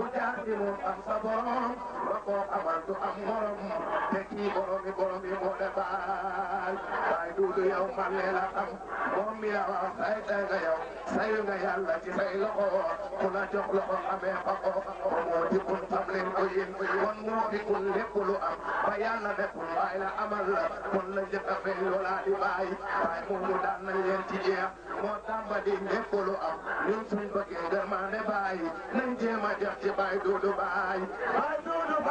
وتعزم الصبر ko amal du am morom te kii borom yi borom yi moo defaal waaye duudu yow man lee la xam moom mi la wax say tay nga yow sayu nga yàlla ci say loxo ku la jox loxo amee fa ko moo di kun xam leen ko yéen kon moo di kun lépp am ba yàlla deful waaye la amal la kon la njëkk a fay loola di bàyyi waaye moom mu daan na leen ci jeex moo tàmbali lépp lu am ñun suñ bëggee gërëmaa ne bàyyi nañ jéem a ci bàyyi duudu bàyyi bàyyi duudu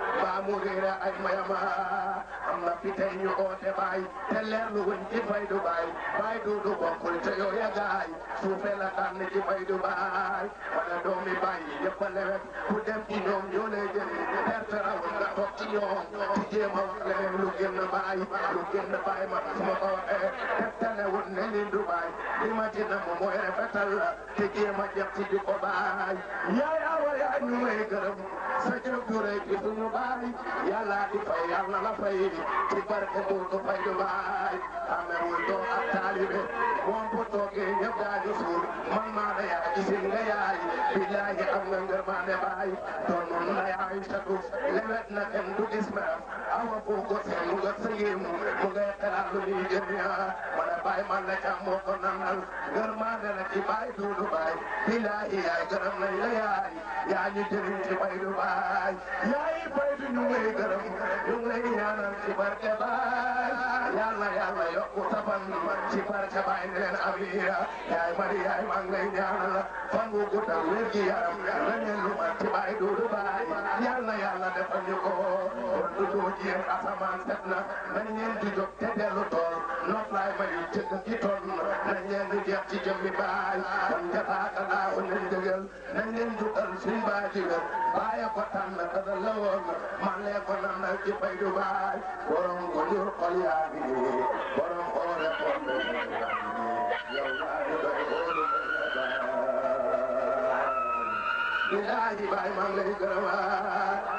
baa mu réera ay mayama am na fi tey ñu oote baay te leerlu wuñ ci faydu baay baay duudu bokkul te yow ya gaay suufe la tànn ci baay wala doomi baay yëpp a ku dem ci ñoom ñoo lay jëri perte rawul nga toog ci a wax leneen lu génn baay lu génn baay ma su ma ko waxee teftale wut ne ni du baay li ma ci namm mooy rafetal la te jéem a jëf baay yaay awa ñu may gërëm sa jëf ju rëy ci suñu baay yàlla di fay yal na la fay ci barke buntu fay du baay amewul doo ak taalibe moom bu toogee ñëpp daa di suur man maa la yaay isin nga yaay billaahi am nga ngërmaane baay doon noonu la yaay tatu lewet na kenn du gis awa bu ko seen mu nga sëyimu mu ngay xalaat lu ñuy jëriñaa baay man la ca moo ko nangal gërmaande la ci baay duudu baay bilaahi yaay gërëm nañ la yaay yaa ñu jëriñ ci bay du baay yaay bay du ñu ngay gërëm ñu ngi lay ñaanal ci barke baay yàlla yàlla yokku taban ci barke baay ne leen abiya yaay mari yaay maa ngi lay ñaanal fan wu gudda wér gi yaram la ñu lu ma ci baay duudu baay yàlla yàlla defal ñu ko toujours yéen asamaan set na nañ leen di jóg te dellu tool noflaay mayu tëdd ki toll nañ leen di jeex ci jëmmi baay kon jataaka daaw nañ dëgal nañ leen jukkal suñ baa ci wér baaye ko tànn dara la woon man lee ko nan nag ci bay du baay borom ko njur xol yaa ngi nii borom oore xol yow yaa ngi doy óolu bilaahi baay maa ngi lay gërëmaat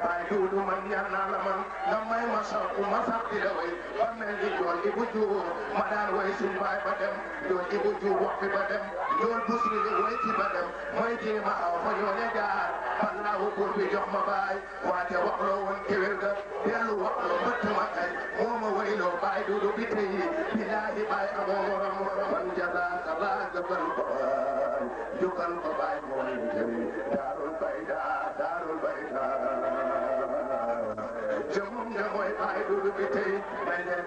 baay duudu man yar naa la man nga ma sooku ma sax di la way ba mel ni ma daan way suñ baay ba dem jool ibu juur wax fi ba dem jool bus ni li ba dem mooy jéema aw fa yoole jaar allahu buur bi jox ma baay waate wax loo woon kéwél ga dellu wax loo mbëtt ma kay moo ma wayloo baay duudu bi tey bilaahi baay amoo morom morom man jalaaka raag ban ko baay jugal ko baay mooy jëriñ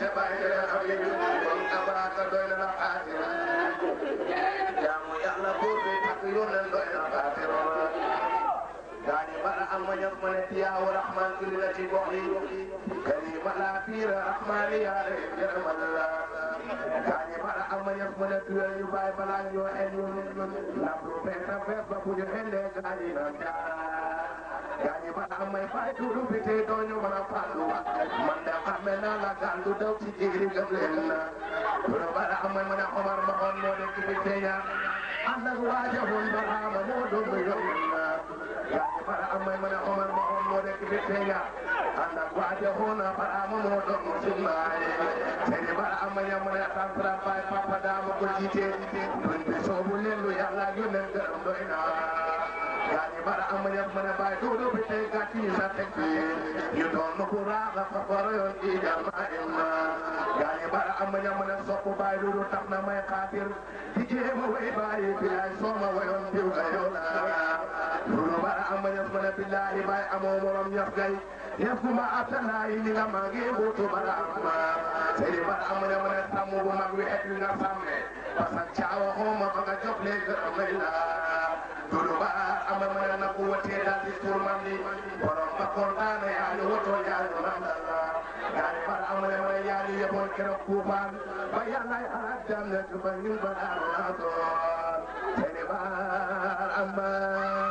ca bàyyi ca la xam ne ñu kon abaaka doy na la xaasira jaamu yàlla buur bi ak yónneen doy na xaasira daañu mala am ma ñëpp ma ne tiyaawu rahmaan indi na ci gox yi kani mala fiira rahmaani yaa rek jërëmal la daañu mala am ma ñëpp ma ne tuyal yu bàyyi balaa ñoo xel ñu ndax bu fees a fees ba bu ñu xel ne gaañi na jaara gaañi ba am may fay tuuru bi te doo ñu mën a fàllu man de xame naa la gàllu daw ci jigri gëm leen na lu bara am may mën a xomar ma xoon moo nekk bi te yaa ànd ak waaja woon baraama moo doon mu yom na gaañi bara am may mën a xomar ma xoon moo nekk bi te yaa ànd ak waaja woon baraama moo doon mu sunnaaye seeni bara am may mën a tantra bay papa daama ko jiite buñ bi soobu leen lu yàlla ñu leen gërëm doy naa yani bara amanya mana bai duro bete gati sa tekte you don no kura ga fakoro yo di jama imma yani bara amanya mana sopu bai duro takna mai kafir dije mu wai bai bilai soma wayon biu gayola duro bara amanya mana billahi bai amo moram yafgai yafuma atana ini la magi butu bara amma seri bara amanya mana tamu bu magwi et nga samme pasan chawo homa baga jople gramela duɗo mbaɗa amanana kuwateɗalɗi turmanɗi bonon bakkorɗano yaani woto yaani mandalla yaani mbaɗa amanama yaani yebon kera kuuban bayallay ala jamnatu bañum mbaɗano naton tene mbar amman